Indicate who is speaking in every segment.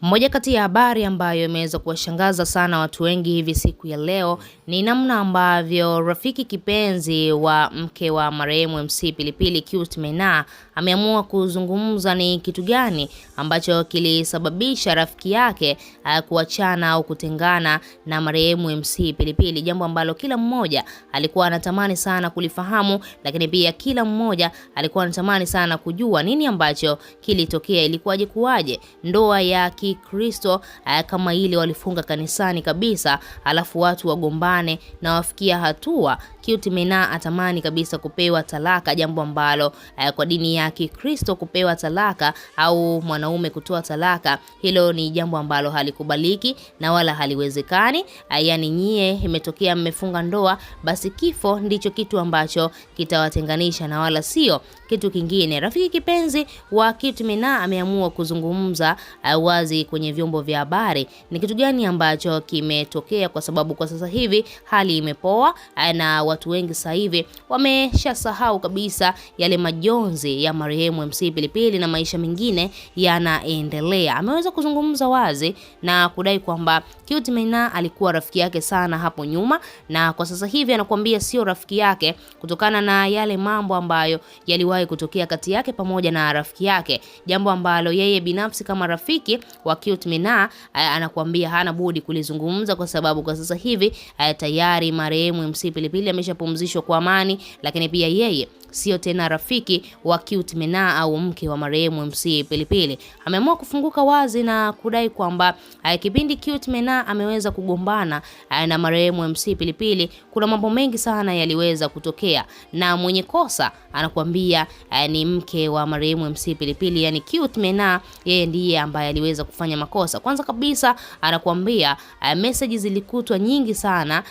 Speaker 1: Moja kati ya habari ambayo imeweza kuwashangaza sana watu wengi hivi siku ya leo ni namna ambavyo rafiki kipenzi wa mke wa marehemu MC Pilipili Cute Mena ameamua kuzungumza ni kitu gani ambacho kilisababisha rafiki yake eh, kuachana au kutengana na marehemu MC Pilipili, jambo ambalo kila mmoja alikuwa anatamani sana kulifahamu, lakini pia kila mmoja alikuwa anatamani sana kujua nini ambacho kilitokea, ilikuwaje, kuwaje ndoa ya Kikristo kama ile walifunga kanisani kabisa, alafu watu wagombane na wafikia hatua Mena atamani kabisa kupewa talaka, jambo ambalo kwa dini ya Kikristo kupewa talaka au mwanaume kutoa talaka, hilo ni jambo ambalo halikubaliki na wala haliwezekani. Yani nyie, imetokea mmefunga ndoa, basi kifo ndicho kitu ambacho kitawatenganisha na wala sio kitu kingine. Rafiki kipenzi wa Mena ameamua kuzungumza wazi wazi kwenye vyombo vya habari ni kitu gani ambacho kimetokea, kwa sababu kwa sasa hivi hali imepoa na watu wengi sasa hivi wameshasahau kabisa yale majonzi ya marehemu MC Pilipili na maisha mengine yanaendelea. Ameweza kuzungumza wazi na kudai kwamba Cute Maina alikuwa rafiki yake sana hapo nyuma, na kwa sasa hivi anakuambia sio rafiki yake kutokana na yale mambo ambayo yaliwahi kutokea kati yake pamoja na rafiki yake, jambo ambalo yeye binafsi kama rafiki wa Cute Mina eh, anakuambia hana budi kulizungumza kwa sababu kwa sasa hivi eh, tayari marehemu MC Pilipili ameshapumzishwa kwa amani, lakini pia yeye sio tena rafiki wa Cute Mena au mke wa marehemu MC Pilipili. Ameamua kufunguka wazi na kudai kwamba eh, kipindi Cute Mena ameweza kugombana eh, na marehemu MC Pilipili, kuna mambo mengi sana yaliweza kutokea, na mwenye kosa anakuambia eh, ni mke wa marehemu MC Pilipili, yani Cute Mena, yeye ndiye ambaye aliweza kufanya makosa. Kwanza kabisa anakuambia message zilikutwa nyingi sana,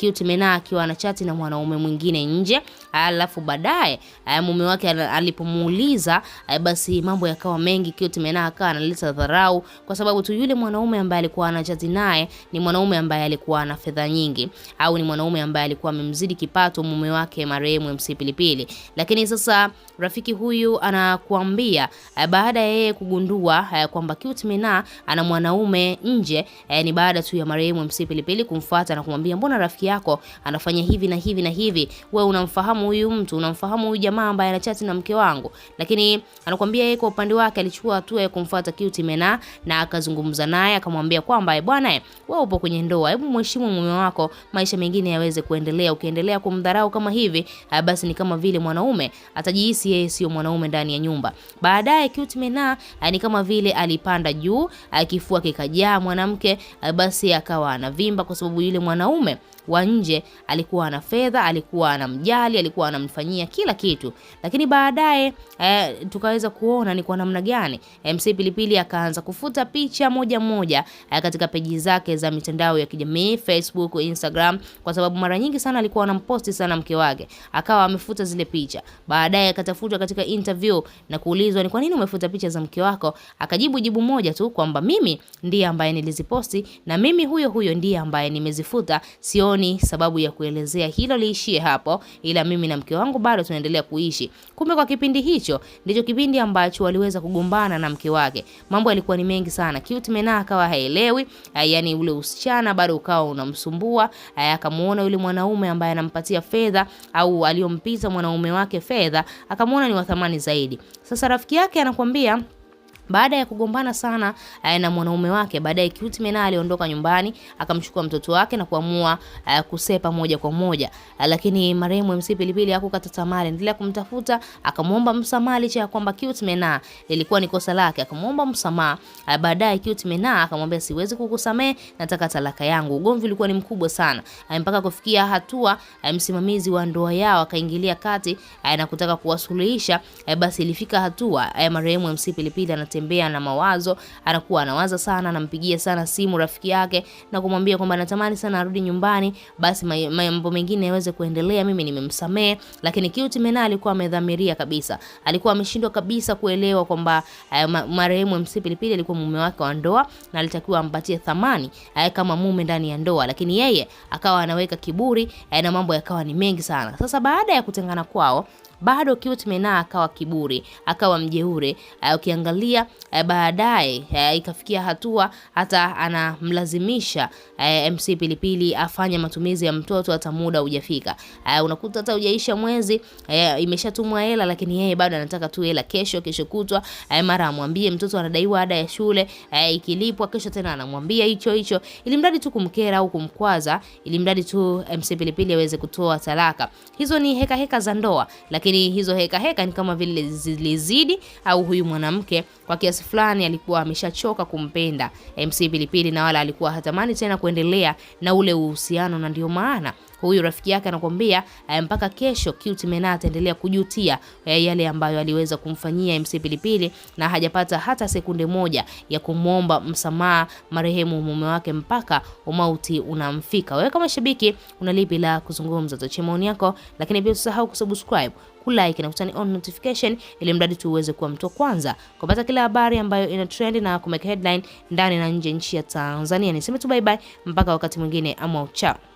Speaker 1: Cute Mena akiwa anachati na mwanaume mwingine nje, alafu baadaye baadaye eh, mume wake alipomuuliza, eh, basi mambo yakawa mengi. Cute Mena akawa analeta dharau kwa sababu tu yule mwanaume ambaye alikuwa anachati naye ni mwanaume ambaye alikuwa ana fedha nyingi, au ni mwanaume ambaye alikuwa amemzidi kipato mume wake marehemu MC Pilipili. Lakini sasa rafiki huyu anakuambia eh, baada ya yeye kugundua kwamba Cute Mena ana mwanaume nje, ni baada tu ya marehemu MC Pilipili kumfuata na kumwambia, mbona rafiki yako anafanya hivi na hivi na hivi, wewe unamfahamu huyu mtu unamfahamu kumfahamu huyu jamaa ambaye anachati na mke wangu, lakini anakuambia yeye kwa upande wake alichukua hatua ya kumfuata Mena na akazungumza naye akamwambia kwamba eh, bwana, eh, wewe upo kwenye ndoa, hebu mheshimu mume wako, maisha mengine yaweze kuendelea. Ukiendelea kumdharau kama hivi, eh, basi ni kama vile mwanaume atajihisi yeye sio mwanaume ndani ya nyumba. Baadaye Mena ni kama vile alipanda juu, kifua kikajaa mwanamke, basi akawa anavimba kwa sababu yule mwanaume wa nje alikuwa ana fedha, alikuwa anamjali, alikuwa anamfanyia kila kitu, lakini baadaye eh, tukaweza kuona ni kwa namna gani eh, MC Pilipili akaanza kufuta picha moja moja eh, katika peji zake za mitandao ya kijamii Facebook, Instagram, kwa sababu mara nyingi sana alikuwa anamposti sana mke wake, akawa amefuta zile picha. Baadaye akatafutwa katika interview na kuulizwa ni kwa nini umefuta picha za mke wako, akajibu jibu moja tu kwamba mimi ndiye ambaye niliziposti na mimi huyo huyo ndiye ambaye nimezifuta, sio jioni. sababu ya kuelezea hilo, liishie hapo, ila mimi na mke wangu bado tunaendelea kuishi. Kumbe kwa kipindi hicho ndicho kipindi ambacho waliweza kugombana na mke wake. Mambo yalikuwa ni mengi sana. Cute Mena akawa haelewi, yani ule usichana bado ukawa unamsumbua, akamuona yule mwanaume ambaye anampatia fedha au aliyompiza mwanaume wake fedha, akamuona ni wa thamani zaidi. Sasa rafiki yake anakuambia baada ya kugombana sana eh, na mwanaume wake, baadaye Cute Mena aliondoka nyumbani akamchukua mtoto wake na kuamua uh, kusepa moja kwa moja. Uh, lakini marehemu MC Pilipili hakukata tamaa, endelea kumtafuta, akamwomba msamaha licha ya kwamba Cute Mena ilikuwa ni kosa lake, akamwomba msamaha. baadaye Cute Mena akamwambia siwezi kukusamehe, nataka talaka yangu. Ugomvi ulikuwa ni mkubwa sana uh, mpaka kufikia hatua uh, msimamizi wa ndoa yao akaingilia kati uh, na kutaka kuwasuluhisha basi ilifika hatua uh, marehemu MC Pilipili anataka anatembea na mawazo, anakuwa anawaza sana, anampigia sana simu rafiki yake na kumwambia kwamba anatamani sana arudi nyumbani, basi mambo mengine yaweze kuendelea, mimi nimemsamehe. Lakini Cute Mena alikuwa amedhamiria kabisa, alikuwa ameshindwa kabisa kuelewa kwamba eh, marehemu MC Pilipili alikuwa mume wake wa ndoa na alitakiwa ampatie thamani eh, kama mume ndani ya ndoa, lakini yeye akawa anaweka kiburi eh, na mambo yakawa ni mengi sana. Sasa baada ya kutengana kwao bado Cutman akawa kiburi, akawa mjeure. Eh, ukiangalia eh, baadaye eh, ikafikia hatua hata anamlazimisha MC Pilipili afanye matumizi ya mtoto hata muda hujafika. Unakuta hata hujaisha mwezi imeshatumwa hela, lakini yeye bado anataka tu hela kesho, kesho kutwa, mara amwambie mtoto anadaiwa ada ya shule, ikilipwa kesho tena anamwambia hicho hicho, ili mradi tu kumkera au kumkwaza, ili mradi tu MC Pilipili aweze kutoa talaka. Hizo ni heka heka za ndoa lakini lakini hizo heka heka ni kama vile zilizidi, au huyu mwanamke kwa kiasi fulani alikuwa ameshachoka kumpenda MC Pilipili na wala alikuwa hatamani tena kuendelea na ule uhusiano, na ndio maana huyu rafiki yake anakwambia eh, mpaka kesho Cute Mena ataendelea kujutia eh, yale ambayo aliweza kumfanyia MC Pilipili na hajapata hata sekunde moja ya kumwomba msamaha marehemu mume wake mpaka umauti unamfika. Wewe kama shabiki una lipi la kuzungumza? Tuachie maoni yako, lakini pia usisahau kusubscribe, kulike na kutani on notification ili mradi tu uweze kuwa mtu wa kwanza kupata kila habari ambayo ina trend na kumeka headline ndani na nje nchi ya Tanzania. Niseme tu bye bye mpaka wakati mwingine, ama uchao.